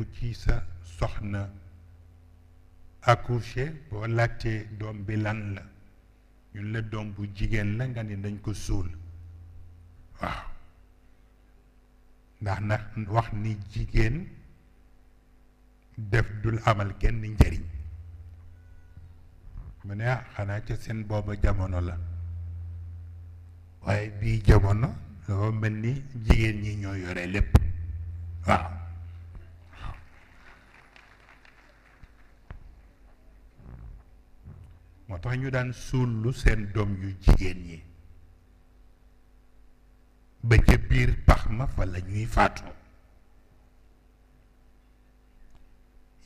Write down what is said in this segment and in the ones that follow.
ku ci sa soxna accouché boo laajtee doom bi lan la ñun la doom bu jigéen la nga ni dañ ko suul waaw ndax nag wax ni jigéen def dul amal kenn njariñ mu ne ah, xanaa ca seen booba jamono la waaye bii jamono dafa mel ni jigéen ñi ñoo yore lépp waaw tax ñu daan lu seen doom yu jigéen ñi ba ca biir pax ma fa la ñuy faatu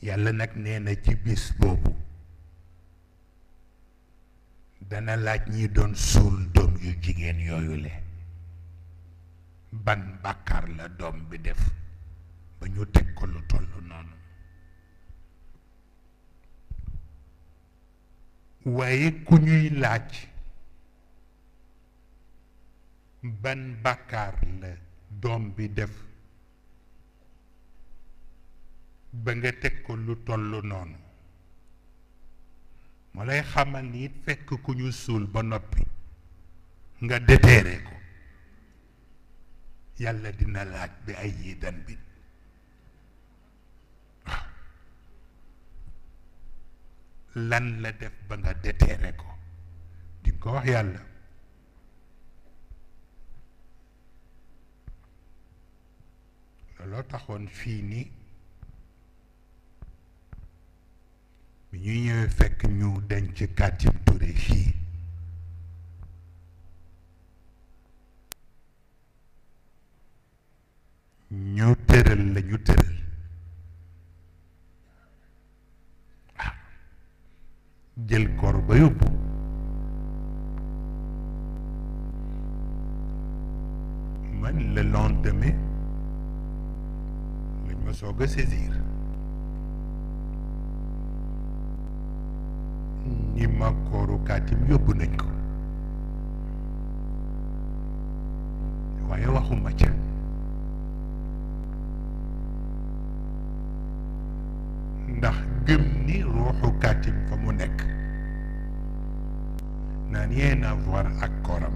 yàlla nag nee na ci bis boobu dana laaj ñi doon suul doom yu jigéen yooyule le ban bàkkaar la doom bi def ba ñu teg ko lu toll noonu waaye ku ñuy laaj ban bàkkaar la doom bi def ba nga teg ko lu toll noonu moo lay xamal ni it fekk ku ñu suul ba noppi nga déteere ko yàlla dina laaj bi ay yidan bi lan la def ba nga déterré ko di ko wax yàlla looloo taxoon fii nii bi ñuy ñëwee fekk ñu denc Khatib Touré fii ñu tëral lañu ñu tëral jël koor ba yóbbu man le lendemain lañ ma soog a saisir ñi ma kooru kaatim yóbbu nañ ko waaye waxuma ca gëm ni ruuxu kaatim fa mu nekk n'a rien ak kooram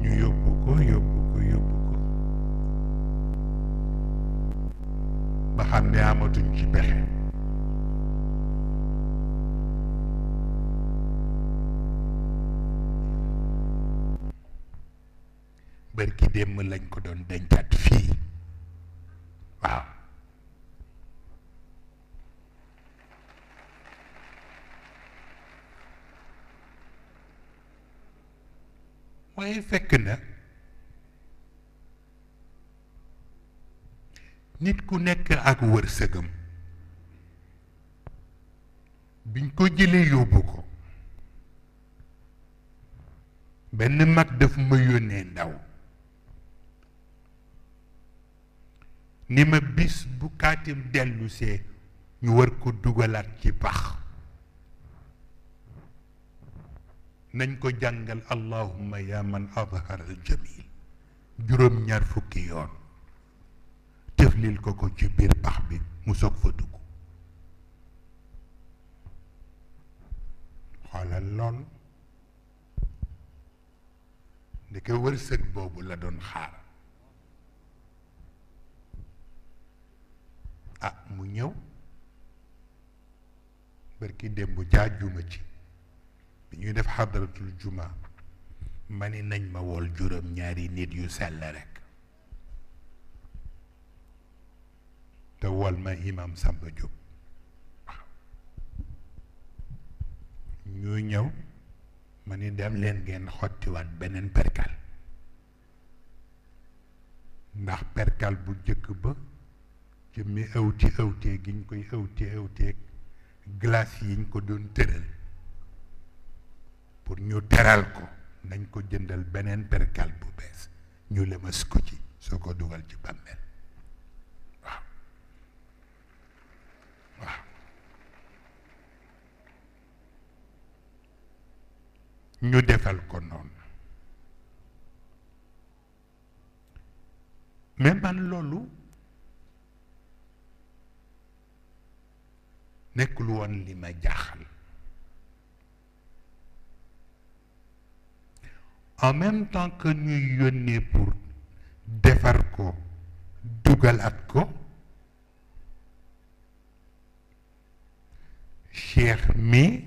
ñu yóbbu ko yóbbu ko yóbbu ko ba xam ne amatuñ ci pexe bërki démb lañ ko doon dencaat fii waaw waaye fekk na nit ku nekk ak wërsëgam biñ ko jëlee yóbbu ko benn mag daf ma yónnee ndaw ni ma bis bu kaatim dellusee ñu war ko dugalaat ci pax nañ ko jàngal allahumma ya man azhar al jamil juróom ñaar fukki yoon tëflil ko ko ci biir pax bi mu soog fa dugg xoolal lool ndeke wërsëg boobu la doon xaar ah mu ñëw bërki barki démb juma ci bi ñuy def xadaratul juma ma ni nañ ma wol juróom ñaari nit yu sell rekk te wool ma imam Samba Diop ñu ñëw ma ni dem leen ngeen xottiwaat beneen perkal ndax perkal bu jëkk ba jëmmi awti awtee gi ñu koy awti awteeg glace yi ñu ko doon tëral pour ñu teral ko nañ ko jëndal beneen percal bu bees ñu lëmas ko ci soo ko dugal ci bàmmeel waaw waaw ñu defal ko noonu mais loolu nekkul woon li ma jaaxal en même temps que ñuy yónnee pour defar ko dugalaat ko Cheikh mi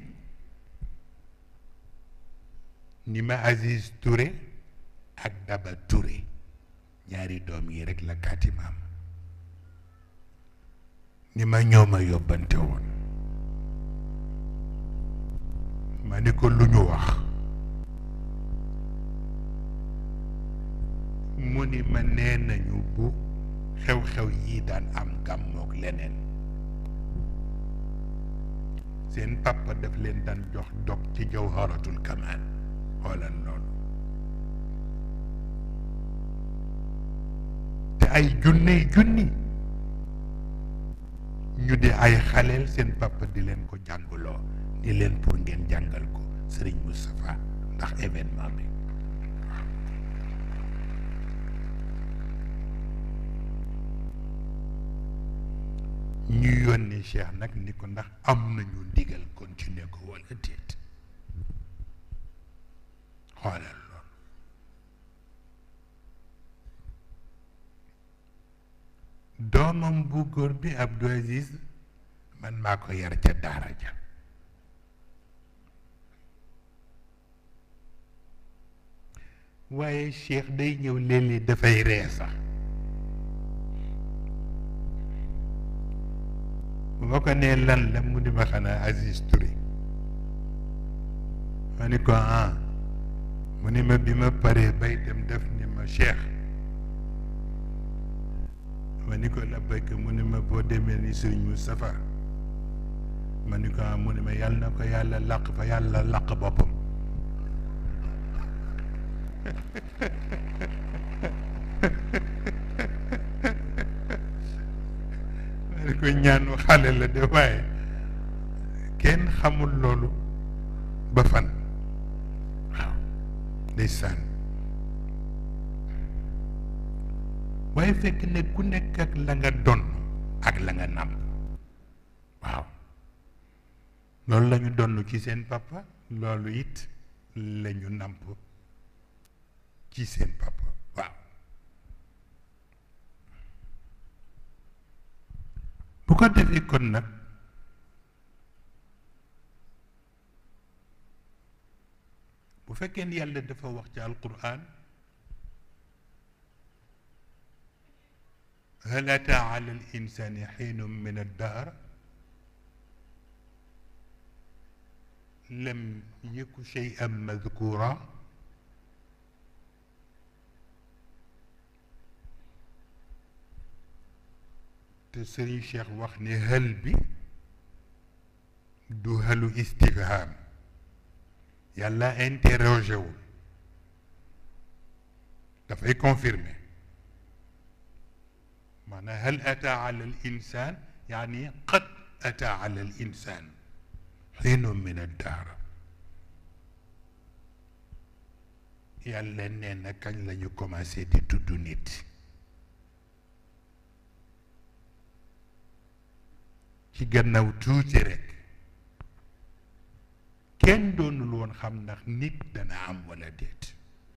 ni ma Aziz Touré ak Daba Touré ñaari doom yi rekk la kaatimaam ni ma ñoo ma yóbbante woon ma ni ko lu ñu wax mu ni ma nee nañu bu xew-xew yii daan am gàmmoog leneen seen papa daf leen daan jox dog ci jawharatul kamaan xoolal loolu te ay junney junni ñu di ay xaleel seen papa di leen ko jàngloo ni leen pour ngeen jàngal ko Serigne Moustapha ndax événement bi ñu yónni Cheikh nag ni ko ndax am nañu ndigal continuer ko wala déet xoolal loolu doomam bu góor bi Abdou Aziz man maa ko yar ca daara ja waaye Cheikh day ñëw léeg-léeg dafay ree sax boo ko nee lan la mu di ma xanaa Aziz Touré ma ni ko ah mu ma bi ma paree bay dem def ni ma Cheikh ma ni ko la béykat mu ni ma boo demee ni Sëriñ Moustapha ma ni ko ah mu ma yàlla na ko yàlla làq fa yàlla làq boppam ma ko ñaanu xale la de waaye kenn xamul loolu ba fan waaw ndeysaan waaye fekk ne ku nekk ak la nga doon ak la nga nàmp waaw loolu la donn ci seen papa loolu it la nàmp ci seen papa waaw bu ko defee kon nag bu fekkee ni yàlla dafa wax ci alquran hal ataa ala al insani xiinum min addahr lam yaku shay'an madkura te sëriñ wax ne hël bi du hëlu istifham yàlla interrogé dafay confirmé maanaam hal ata ala al insan yaani qad ata ala insan xiinun min addaara yàlla nee na kañ la ñu commencé di tudd nit ci gannaaw tuuti rek kenn doonul woon xam ndax nit dana am wala déet